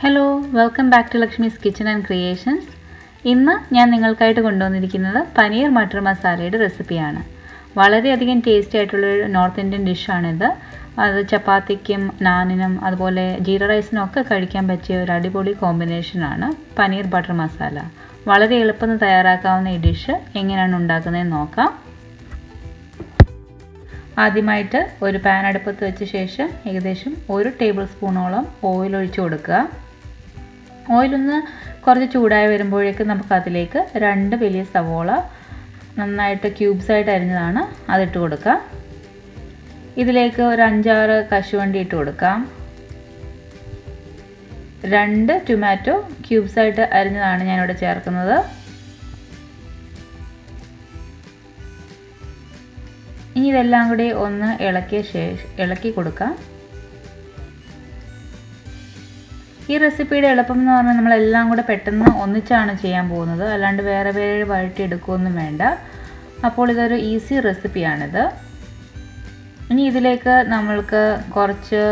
hello welcome back to Lakshmi's kitchen and creations ഇന്ന് ഞാൻ നിങ്ങൾക്കായിട്ട് കൊണ്ടുവന്നിരിക്കുന്നത് പനീർ മട്ടർ മസാലയുടെ റെസിപ്പിയാണ് വളരെയധികം ടേസ്റ്റി ആയിട്ടുള്ളൊരു നോർത്ത് ഇന്ത്യൻ ഡിഷാണിത് അത് ചപ്പാത്തിക്കും നാനിനും അതുപോലെ ജീര റൈസിനും ഒക്കെ കഴിക്കാൻ പറ്റിയ ഒരു അടിപൊളി കോമ്പിനേഷനാണ് പനീർ ബട്ടർ മസാല വളരെ എളുപ്പത്തിൽ തയ്യാറാക്കാവുന്ന ഈ ഡിഷ് എങ്ങനെയാണ് ഉണ്ടാക്കുന്നതെന്ന് നോക്കാം ആദ്യമായിട്ട് ഒരു പാൻ അടുപ്പത്ത് വെച്ച ശേഷം ഏകദേശം ഒരു ടേബിൾ സ്പൂണോളം ഓയിൽ ഒഴിച്ചു കൊടുക്കുക ഓയിലൊന്ന് കുറച്ച് ചൂടായി വരുമ്പോഴേക്ക് നമുക്കതിലേക്ക് രണ്ട് വലിയ സവോള നന്നായിട്ട് ക്യൂബ്സ് ആയിട്ട് അരിഞ്ഞതാണ് അതിട്ട് കൊടുക്കാം ഇതിലേക്ക് ഒരു അഞ്ചാറ് കശുവണ്ടി ഇട്ട് കൊടുക്കാം രണ്ട് ടൊമാറ്റോ ക്യൂബ്സ് ആയിട്ട് അരിഞ്ഞതാണ് ഞാനിവിടെ ചേർക്കുന്നത് ഇനി ഇതെല്ലാം കൂടി ഒന്ന് ഇളക്കിയ ശേഷം ഇളക്കി കൊടുക്കാം ഈ റെസിപ്പിയുടെ എളുപ്പം എന്ന് പറഞ്ഞാൽ നമ്മളെല്ലാം കൂടെ പെട്ടെന്ന് ഒന്നിച്ചാണ് ചെയ്യാൻ പോകുന്നത് അല്ലാണ്ട് വേറെ വേറെ വഴറ്റി എടുക്കുകയൊന്നും വേണ്ട അപ്പോൾ ഇതൊരു ഈസി റെസിപ്പിയാണിത് ഇനി ഇതിലേക്ക് നമ്മൾക്ക് കുറച്ച്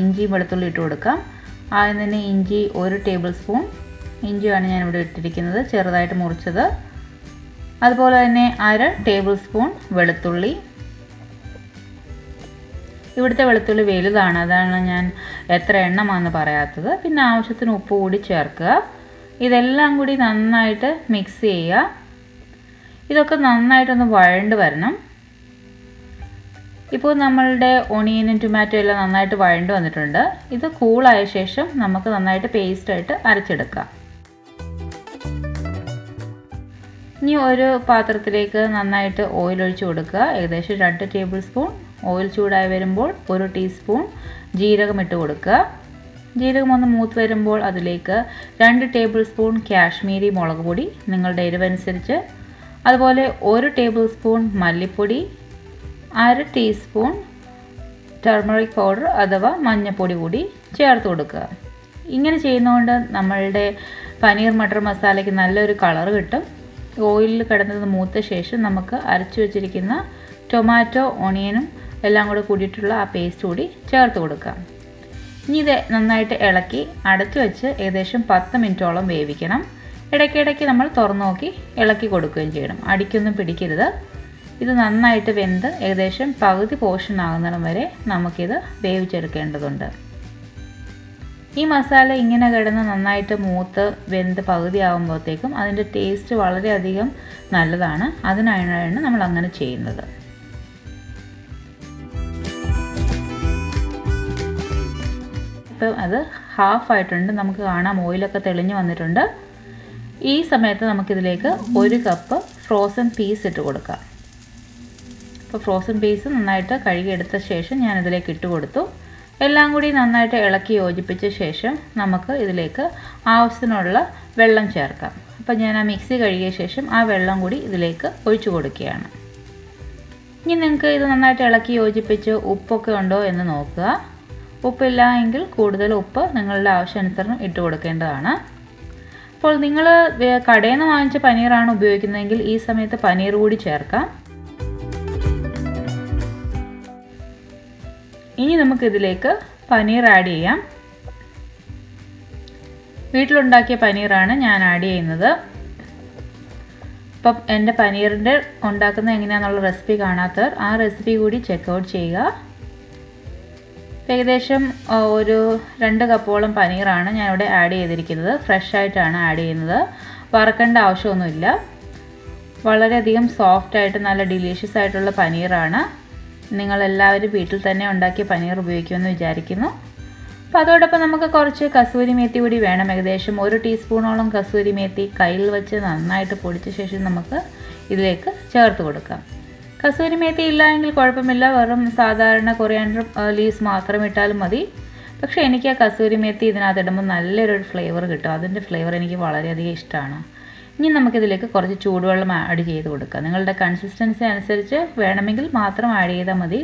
ഇഞ്ചി വെളുത്തുള്ളി ഇട്ട് കൊടുക്കാം ആദ്യം തന്നെ ഇഞ്ചി ഒരു ടേബിൾ സ്പൂൺ ഇഞ്ചിയാണ് ഞാനിവിടെ ഇട്ടിരിക്കുന്നത് ചെറുതായിട്ട് മുറിച്ചത് അതുപോലെ തന്നെ അര ടേബിൾ സ്പൂൺ വെളുത്തുള്ളി ഇവിടുത്തെ വെളുത്തുള്ളി വലുതാണ് അതാണ് ഞാൻ എത്ര എണ്ണമാണെന്ന് പറയാത്തത് പിന്നെ ആവശ്യത്തിന് ഉപ്പ് കൂടി ചേർക്കുക ഇതെല്ലാം കൂടി നന്നായിട്ട് മിക്സ് ചെയ്യുക ഇതൊക്കെ നന്നായിട്ടൊന്ന് വഴണ്ട് വരണം ഇപ്പോൾ നമ്മളുടെ ഒണിയനും ടൊമാറ്റോ എല്ലാം നന്നായിട്ട് വഴണ്ട് വന്നിട്ടുണ്ട് ഇത് കൂളായ ശേഷം നമുക്ക് നന്നായിട്ട് പേസ്റ്റായിട്ട് അരച്ചെടുക്കാം ഇനി ഒരു പാത്രത്തിലേക്ക് നന്നായിട്ട് ഓയിൽ ഒഴിച്ച് കൊടുക്കുക ഏകദേശം രണ്ട് ടേബിൾ സ്പൂൺ ഓയിൽ ചൂടായി വരുമ്പോൾ ഒരു ടീസ്പൂൺ ജീരകം ഇട്ട് കൊടുക്കുക ജീരകം ഒന്ന് മൂത്ത് വരുമ്പോൾ അതിലേക്ക് രണ്ട് ടേബിൾ സ്പൂൺ കാശ്മീരി മുളക് പൊടി നിങ്ങളുടെ എരിവനുസരിച്ച് അതുപോലെ ഒരു ടേബിൾ സ്പൂൺ മല്ലിപ്പൊടി അര ടീസ്പൂൺ ടെർമറിക് പൗഡർ അഥവാ മഞ്ഞൾപ്പൊടി കൂടി ചേർത്ത് കൊടുക്കുക ഇങ്ങനെ ചെയ്യുന്നതുകൊണ്ട് നമ്മളുടെ പനീർ മട്ടർ മസാലയ്ക്ക് നല്ലൊരു കളർ കിട്ടും ഓയിലിൽ കിടന്നത് മൂത്ത ശേഷം നമുക്ക് അരച്ചു വച്ചിരിക്കുന്ന ടൊമാറ്റോ ഓണിയനും എല്ലാം കൂടെ കൂടിയിട്ടുള്ള ആ പേസ്റ്റ് കൂടി ചേർത്ത് കൊടുക്കാം ഇനി ഇത് നന്നായിട്ട് ഇളക്കി അടച്ചു വെച്ച് ഏകദേശം പത്ത് മിനിറ്റോളം വേവിക്കണം ഇടയ്ക്കിടയ്ക്ക് നമ്മൾ തുറന്നു നോക്കി ഇളക്കി കൊടുക്കുകയും ചെയ്യണം അടിക്കൊന്നും പിടിക്കരുത് ഇത് നന്നായിട്ട് വെന്ത് ഏകദേശം പകുതി പോർഷൻ ആകുന്നിടം വരെ നമുക്കിത് വേവിച്ചെടുക്കേണ്ടതുണ്ട് ഈ മസാല ഇങ്ങനെ കിടന്ന് നന്നായിട്ട് മൂത്ത് വെന്ത് പകുതി ആകുമ്പോഴത്തേക്കും അതിൻ്റെ ടേസ്റ്റ് വളരെയധികം നല്ലതാണ് അതിനാണ് നമ്മൾ അങ്ങനെ ചെയ്യുന്നത് ഇപ്പം അത് ഹാഫ് ആയിട്ടുണ്ട് നമുക്ക് കാണാം ഓയിലൊക്കെ തെളിഞ്ഞു വന്നിട്ടുണ്ട് ഈ സമയത്ത് നമുക്കിതിലേക്ക് ഒരു കപ്പ് ഫ്രോസൺ പീസ് ഇട്ട് കൊടുക്കാം അപ്പോൾ ഫ്രോസൺ പീസ് നന്നായിട്ട് കഴുകിയെടുത്ത ശേഷം ഞാൻ ഇതിലേക്ക് ഇട്ട് കൊടുത്തു എല്ലാം കൂടി നന്നായിട്ട് ഇളക്കി യോജിപ്പിച്ച ശേഷം നമുക്ക് ഇതിലേക്ക് ആവശ്യത്തിനുള്ള വെള്ളം ചേർക്കാം അപ്പോൾ ഞാൻ ആ മിക്സി കഴുകിയ ശേഷം ആ വെള്ളം കൂടി ഇതിലേക്ക് ഒഴിച്ചു കൊടുക്കുകയാണ് ഇനി നിങ്ങൾക്ക് ഇത് നന്നായിട്ട് ഇളക്കി യോജിപ്പിച്ച് ഉപ്പൊക്കെ ഉണ്ടോ എന്ന് നോക്കുക ഉപ്പില്ല എങ്കിൽ കൂടുതൽ ഉപ്പ് നിങ്ങളുടെ ആവശ്യാനുസരണം ഇട്ട് കൊടുക്കേണ്ടതാണ് അപ്പോൾ നിങ്ങൾ കടയിൽ നിന്ന് വാങ്ങിച്ച പനീറാണ് ഉപയോഗിക്കുന്നതെങ്കിൽ ഈ സമയത്ത് പനീർ കൂടി ചേർക്കാം ഇനി നമുക്കിതിലേക്ക് പനീർ ആഡ് ചെയ്യാം വീട്ടിലുണ്ടാക്കിയ പനീറാണ് ഞാൻ ആഡ് ചെയ്യുന്നത് ഇപ്പം എൻ്റെ പനീറിൻ്റെ ഉണ്ടാക്കുന്നത് എങ്ങനെയാണെന്നുള്ള റെസിപ്പി കാണാത്തവർ ആ റെസിപ്പി കൂടി ഔട്ട് ചെയ്യുക ഏകദേശം ഒരു രണ്ട് കപ്പോളം പനീറാണ് ഞാനിവിടെ ആഡ് ചെയ്തിരിക്കുന്നത് ഫ്രഷ് ആയിട്ടാണ് ആഡ് ചെയ്യുന്നത് വറക്കേണ്ട ആവശ്യമൊന്നുമില്ല വളരെയധികം സോഫ്റ്റായിട്ട് നല്ല ഡിലീഷ്യസ് ആയിട്ടുള്ള പനീറാണ് നിങ്ങളെല്ലാവരും വീട്ടിൽ തന്നെ ഉണ്ടാക്കിയ പനീർ ഉപയോഗിക്കുമെന്ന് വിചാരിക്കുന്നു അപ്പോൾ അതോടൊപ്പം നമുക്ക് കുറച്ച് കസൂരി മേത്തി കൂടി വേണം ഏകദേശം ഒരു ടീസ്പൂണോളം കസൂരി മേത്തി കയ്യിൽ വെച്ച് നന്നായിട്ട് പൊടിച്ച ശേഷം നമുക്ക് ഇതിലേക്ക് ചേർത്ത് കൊടുക്കാം കസൂരി മേത്തി ഇല്ല എങ്കിൽ കുഴപ്പമില്ല വെറും സാധാരണ കൊറിയാൻഡർ ലീവ്സ് uh, മാത്രം ഇട്ടാലും മതി പക്ഷേ എനിക്ക് ആ കസൂരി മേത്തി ഇതിനകത്ത് ഇടുമ്പോൾ നല്ലൊരു ഫ്ലേവർ കിട്ടും അതിൻ്റെ ഫ്ലേവർ എനിക്ക് വളരെയധികം ഇഷ്ടമാണ് ഇനി നമുക്കിതിലേക്ക് കുറച്ച് ചൂടുവെള്ളം ആഡ് ചെയ്ത് കൊടുക്കുക നിങ്ങളുടെ കൺസിസ്റ്റൻസി അനുസരിച്ച് വേണമെങ്കിൽ മാത്രം ആഡ് ചെയ്താൽ മതി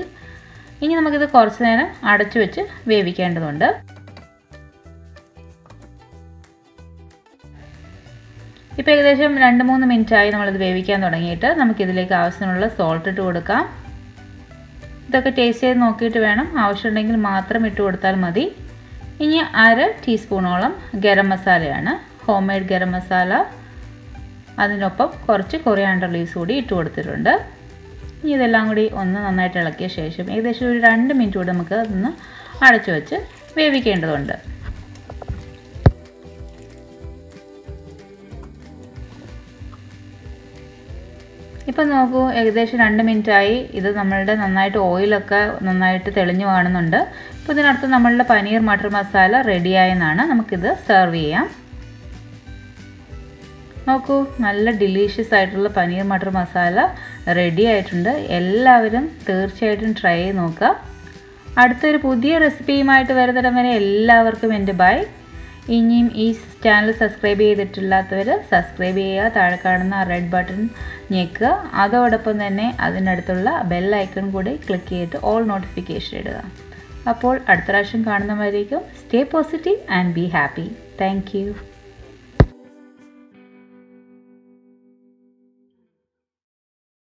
ഇനി നമുക്കിത് കുറച്ച് നേരം അടച്ചു വെച്ച് വേവിക്കേണ്ടതുണ്ട് ഇപ്പോൾ ഏകദേശം രണ്ട് മൂന്ന് മിനിറ്റായി നമ്മളിത് വേവിക്കാൻ തുടങ്ങിയിട്ട് നമുക്കിതിലേക്ക് ആവശ്യത്തിനുള്ള സോൾട്ട് ഇട്ട് കൊടുക്കാം ഇതൊക്കെ ടേസ്റ്റ് ചെയ്ത് നോക്കിയിട്ട് വേണം ആവശ്യമുണ്ടെങ്കിൽ മാത്രം ഇട്ട് കൊടുത്താൽ മതി ഇനി അര ടീസ്പൂണോളം ഗരം മസാലയാണ് ഹോം മെയ്ഡ് ഗരം മസാല അതിനൊപ്പം കുറച്ച് കൊറിയാണ്ടർ ലീവ്സ് കൂടി ഇട്ട് കൊടുത്തിട്ടുണ്ട് ഇനി ഇതെല്ലാം കൂടി ഒന്ന് നന്നായിട്ട് ഇളക്കിയ ശേഷം ഏകദേശം ഒരു രണ്ട് മിനിറ്റ് കൂടി നമുക്ക് അതൊന്ന് അടച്ചു വെച്ച് വേവിക്കേണ്ടതുണ്ട് ഇപ്പം നോക്കൂ ഏകദേശം രണ്ട് മിനിറ്റായി ഇത് നമ്മളുടെ നന്നായിട്ട് ഓയിലൊക്കെ നന്നായിട്ട് തെളിഞ്ഞു കാണുന്നുണ്ട് അപ്പോൾ ഇതിനടുത്ത് നമ്മളുടെ പനീർ മട്ടർ മസാല റെഡിയായെന്നാണ് നമുക്കിത് സെർവ് ചെയ്യാം നോക്കൂ നല്ല ഡിലീഷ്യസ് ആയിട്ടുള്ള പനീർ മട്ടർ മസാല റെഡി ആയിട്ടുണ്ട് എല്ലാവരും തീർച്ചയായിട്ടും ട്രൈ ചെയ്ത് നോക്കുക അടുത്തൊരു പുതിയ റെസിപ്പിയുമായിട്ട് വരുന്നിടം വരെ എല്ലാവർക്കും എൻ്റെ ബൈ ഇനിയും ഈ ചാനൽ സബ്സ്ക്രൈബ് ചെയ്തിട്ടില്ലാത്തവർ സബ്സ്ക്രൈബ് ചെയ്യുക താഴെ കാണുന്ന റെഡ് ബട്ടൺ ഞെക്കുക അതോടൊപ്പം തന്നെ അതിനടുത്തുള്ള ബെൽ ഐക്കൺ കൂടി ക്ലിക്ക് ചെയ്തിട്ട് ഓൾ നോട്ടിഫിക്കേഷൻ ഇടുക അപ്പോൾ അടുത്ത പ്രാവശ്യം കാണുന്നവരേക്കും stay positive and be happy thank